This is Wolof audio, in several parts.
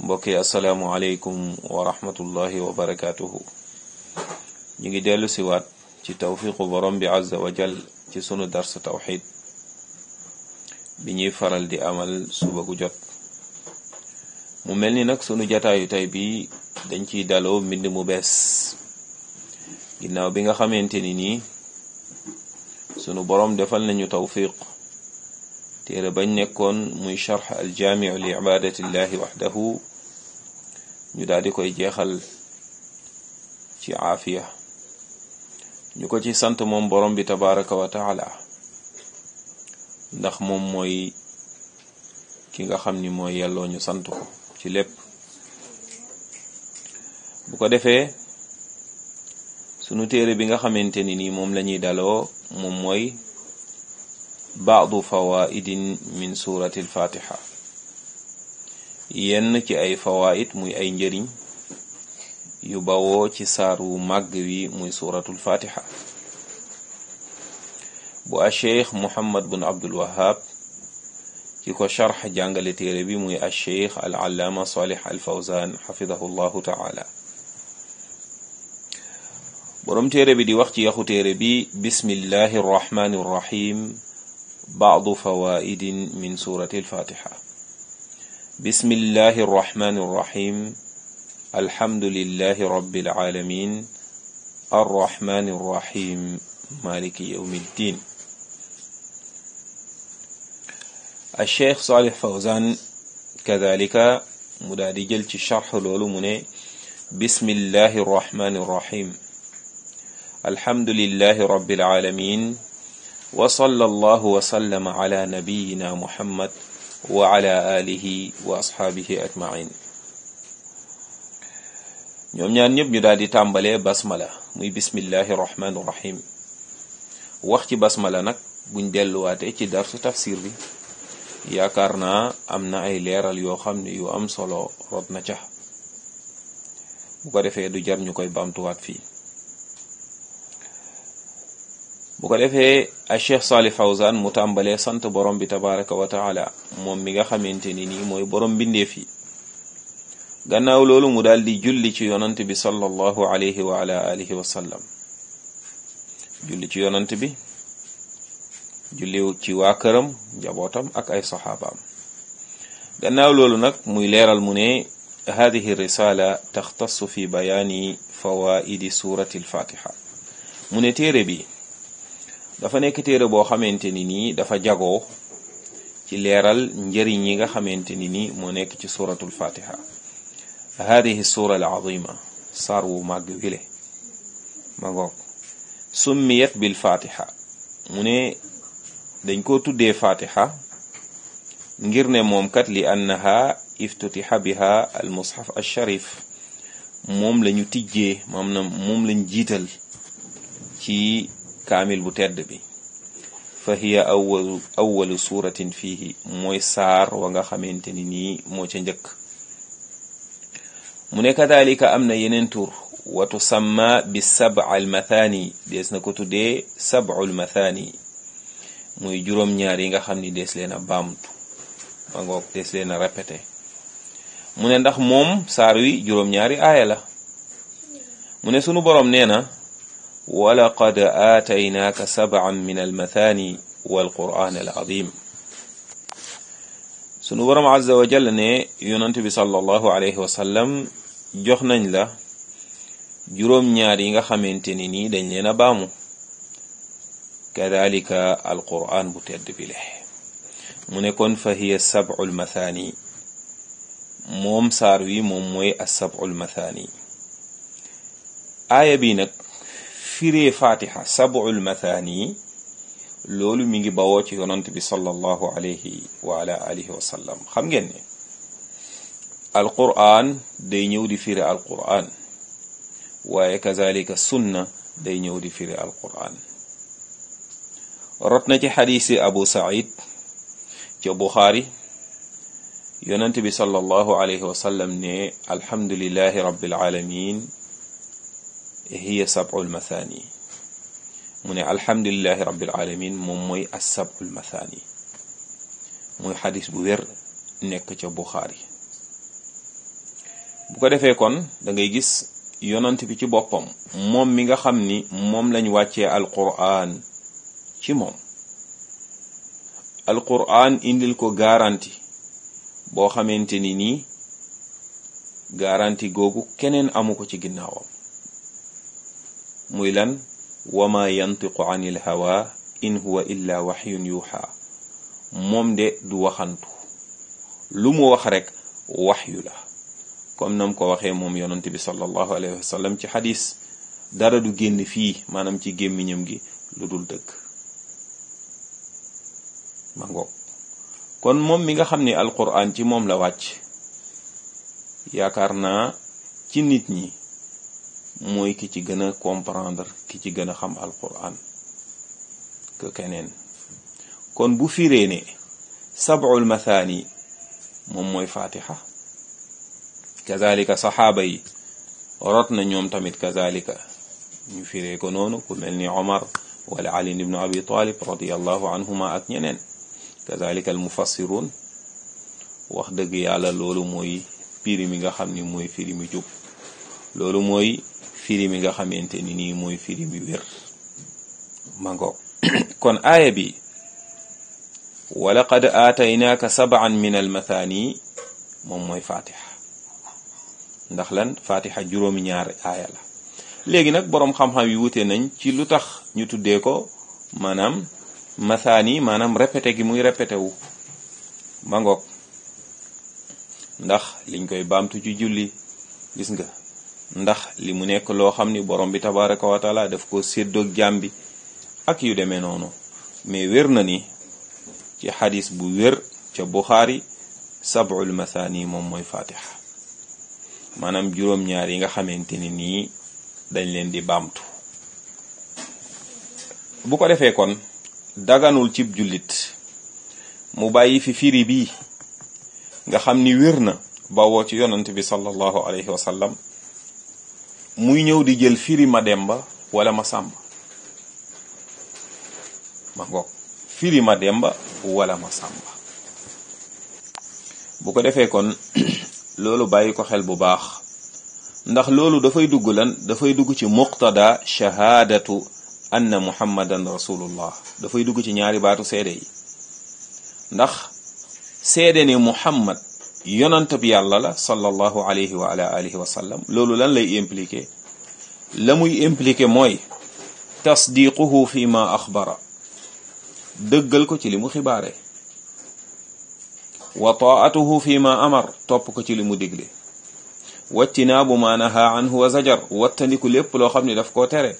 mbokk yi asalaamualeykum wa rahmatullahi wa barakaatuhu. ñu ngi dellu siwaat ci tawfiqu borom bi azza wa ci sunu darsa tawxid bi ñuy faral di amal suba gu jot mu mel ni nag sunu jataayu tey bi dañ ciy daloo mbind mu bees ginnaaw bi nga xamante ni nii sunu borom defal nañu tawfiq téere bañ nekkoon muy charx aljaamiu li ibadatillahi waxdahu ñu daal di koy jeexal ci aafiya ñu ko ci sant moom borom bi tabaraka wa taala ndax moom mooy ki nga xam ni mooy yelloo ñu sant ko ci lépp bu ko defee sunu téere bi nga xamante ni nii moom la daloo moom mooy baadu fawaidin min ci ay fawaid muy ay yu bawoo ci saar wu màgg wi muy suratul fatiha bu a cheikh muhammad bin abdul wahab ko sharx jàngale téere bi muy a cheikh al allaama salih al fawzan xafidahu llahu taala borom téere bi di wax ci yaxu téere bi bismillahi arrahmani arrahim baadu fawaidin min surati alfatiha bismillahi arrahmani arrahim alhamdulillahi rabbil alamin arrahmani arrahim maliki yawmi ddin alcheikh Saalih Fawzaan kadalika mu daa di jël ci charx loolu mu ne bismillahi arrahmani arrahim alhamdulillahi rabbil alamin wa sallallahu wa sallama ala ñaan ñëpp ñu daal di tàmbalee basmala muy bismillahi rahmaani wax ci basmala nag buñ delluwaatee ci darsu tafsir bi yaakaar naa am na ay leeral yoo xam ne yu am solo rot na ca bu ko defee du jar ñu koy bamtuwaat fii bu ko defee a cheikh Salih Fawzan mu tàmbalee sant borom bi tabaraka wa taala mi nga xamante ni nii mooy borom mbindeef yi gannaaw loolu mu daal di julli ci yonant bi sallallahu alayhi wa ala wa sallam julli ci yonant bi julli ci waa këram njabootam ak ay saxaabaam gannaaw loolu nag muy leeral mu ne hadihi risala taxtassu fi bayaani fawaidi surati alfatiha mu ne bi dafa nekk téere boo xamante ni nii dafa jagoo ci leeral njëriñ yi nga xamante ni nii moo nekk ci suratul fatiha hadihi sura al azima saar wu màgg wile ma ngoog summiyat bil fatiha mu ne dañ ko tuddee fatiha ngir ne moom kat li annaha iftutiha biha al mushaf al sharif moom lañu tijjee maanaam moom lañ jiital ci kaamil bu tedd bi fa hiya awalu suuratin fiihi mooy saar wa nga xamante ni nii moo ca njëkk mu ne kadalika am na yeneen tur wa tusamma bi sab'a al mathani na ko tuddee sab'ul mathani muy juróom-ñaar yi nga xam ni dees leen a baamtu ma ngoog dees leen a répété mu ne ndax moom saar wi juróom-ñaari aaya la mu ne sunu boroom nee walaqad aataynaaka sab'an min almathani walqur'an alazim wa jalla ne yonent bi sallallahu alayhi wa sallam jox nañ la juróom-ñaar yi nga xamante ni nii dañ leen a baamu kadalika alqur'an bu tedd bi mu ne kon fa hiya sab'ul mathani saar wi moom mooy as sab'ul mathani firee fatiha sab'ul mathani loolu mi ngi bawoo ci yonant bi sallallahu alayhi wa ala alihi wa sallam xam ngeen ne alquran day ñëw di firi alquran waaye kazalika sunna day ñëw di firi alquran ci xadiisi abu said ca buxaari yonant bi alayhi wa sallam ne alhamdulillahi rabbil alamin hiya sab'ul mathani mu ne alhamdulilahi rabbil alamin moom mooy as-sab'ul mathani muy xadis bu wér nekk ca Buxaari bu ko defee kon dangay gis yonant bi ci boppam moom mi nga xam ni moom lañ wàccee alquran ci moom alquran indil ko garanti boo xamante ni nii garanti googu keneen amu ko ci ginnaawam muy lan wama yantiqu anil hawa in huwa illa de du waxantu lu mu wax rek waxyu la comme nam ko waxee moom yonent bi sallallahu alayhi ci xadis dara du génn fii maanaam ci gémmiñam gi lu dul dëkk ma kon moom mi nga xam ni alquran ci moom la wàcc yaakaar naa ci nit ñi mooy ki ci gën a comprendre ki ci gën a xam alquran que keneen kon bu firee ne sab'ul mathani moom mooy fatiha kazalika saxaaba yi rot na ñoom tamit kazalika ñu firee ko noonu ku mel ni omar wala ali ibnu abi talib radiallahu anhuma ak ñeneen kazalika al mufassirun wax dëgg yàlla loolu mooy firi mi nga xam ni mooy firi mi jub loolu mooy firi mi nga xamante ni nii mooy firi mi wér mango kon aaya bi wa laqad aataynaaka saban min almathani moom mooy fatiha ndax lan fatiha juróomi ñaar aaya la léegi nag boroom xam-xam yi wute nañ ci lu tax ñu tuddee ko maanaam mathani maanaam répété gi muy répété wu mangoog ndax liñ koy baamtu ci julli gis nga ndax li mu nekk loo xam ni borom bi tabaraka wa taala daf ko seddoo jaam ak yu demee noonu mais wér na ni ci xadis bu wér ca buxaari sab'ul mathani moom mooy fatiha maanaam juróom-ñaar yi nga xamante ni nii dañ leen di baamtu bu ko defee kon daganul cib jullit mu bàyyi fi firi bii nga xam ni wér na bawoo ci yonant bi sallallahu alayhi wa muy ñëw di jël firi ma demba wala ma sàmba ma ngoog ma demba wala ma bu ko defee kon loolu bàyyi ko xel bu baax ndax loolu dafay dugg lan dafay dugg ci muqtada shahaadatu anna muhammadan rasulullah dafay dugg ci ñaari baatu seede yi ndax seede ni muhammad yonant bi yàlla la sallallahu alayhi wa ala alihi loolu lan lay impliqué la muy impliqué mooy tasdiquhu fi ma axbara dëggal ko ci li mu xibaare wa taatuhu fi ma amar topp ko ci li mu digle wattinaabu ma naha anhu wa zajar wattandiku lépp loo xam ne daf ko tere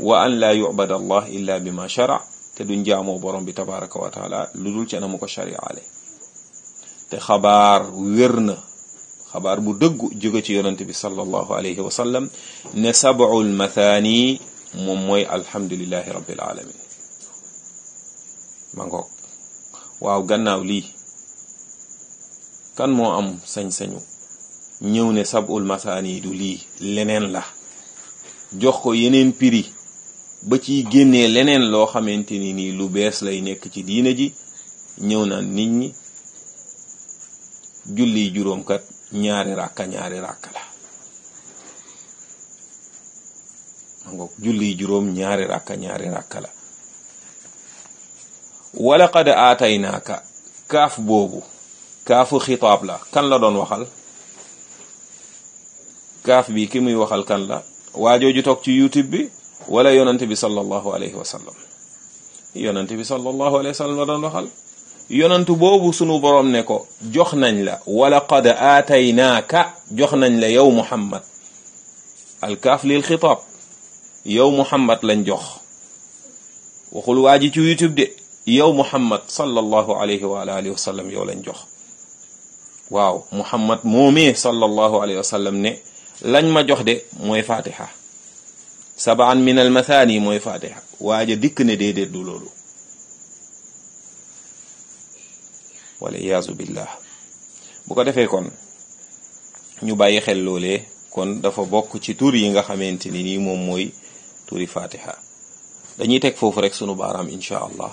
wa an laa yubad allah illa bi ma shara te duñ jaamoo borom bi tabaraka wa taala lu dul ci anamu ko shariaale te xabaar wér na xabaar bu dëggu jóge ci yonente bi sallallahu alayhi wa sallam ne sab'ul mathani moom mooy alhamdulillahi rabbil alamin ma ngoog waaw gannaaw lii kan moo am sañ-sañu ñëw ne sab'ul mathani du lii leneen la jox ko yeneen piri ba ci génnee leneen loo xamante ni nii lu bees lay nekk ci diina ji ñëw naan nit ñi julli juróom kat ñaari ràkka ñaari ràkka la ngoog julli juróom ñaari kaaf boobu kaafu xitaab la kan la doon waxal kaaf bi ki muy waxal kan la waajooju toog ci youtube bi wala yonante bi sallallahu alayhi wa sallam yonante bi sallallahu alayhi wa la doon waxal yonantu boobu sunu borom ne ko jox nañ la wala qad aataynaaka jox nañ la yow muhammad alkaaf lil xitaab yow muhammad lañ jox waxul waa ji ci yow muhammad sallallahu alayhi wa lañ jox waaw muhammad moomee sallallahu alayhi wa sallam ne lañ ma jox de mooy fatiha sabaan min al mathani mooy fatiha waaja dikk ne déedéet du loolu wala iyaasu billah bu ko defee kon ñu bàyyi xel loolee kon dafa bokk ci tur yi nga xamante ni nii moom mooy turi fatiha dañuy teg foofu rek sunu baaraam incha allah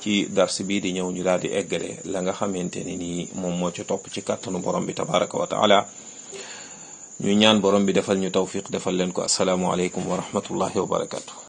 ci dars bii di ñëw ñu daal di eggale la nga xamante ni nii moom moo ci topp ci kàttanu borom bi tabaraka wa taala ñu ñaan borom bi defal ñu tawfiq defal leen ko asalaamualeykum wa rahmatullahi wa barakatu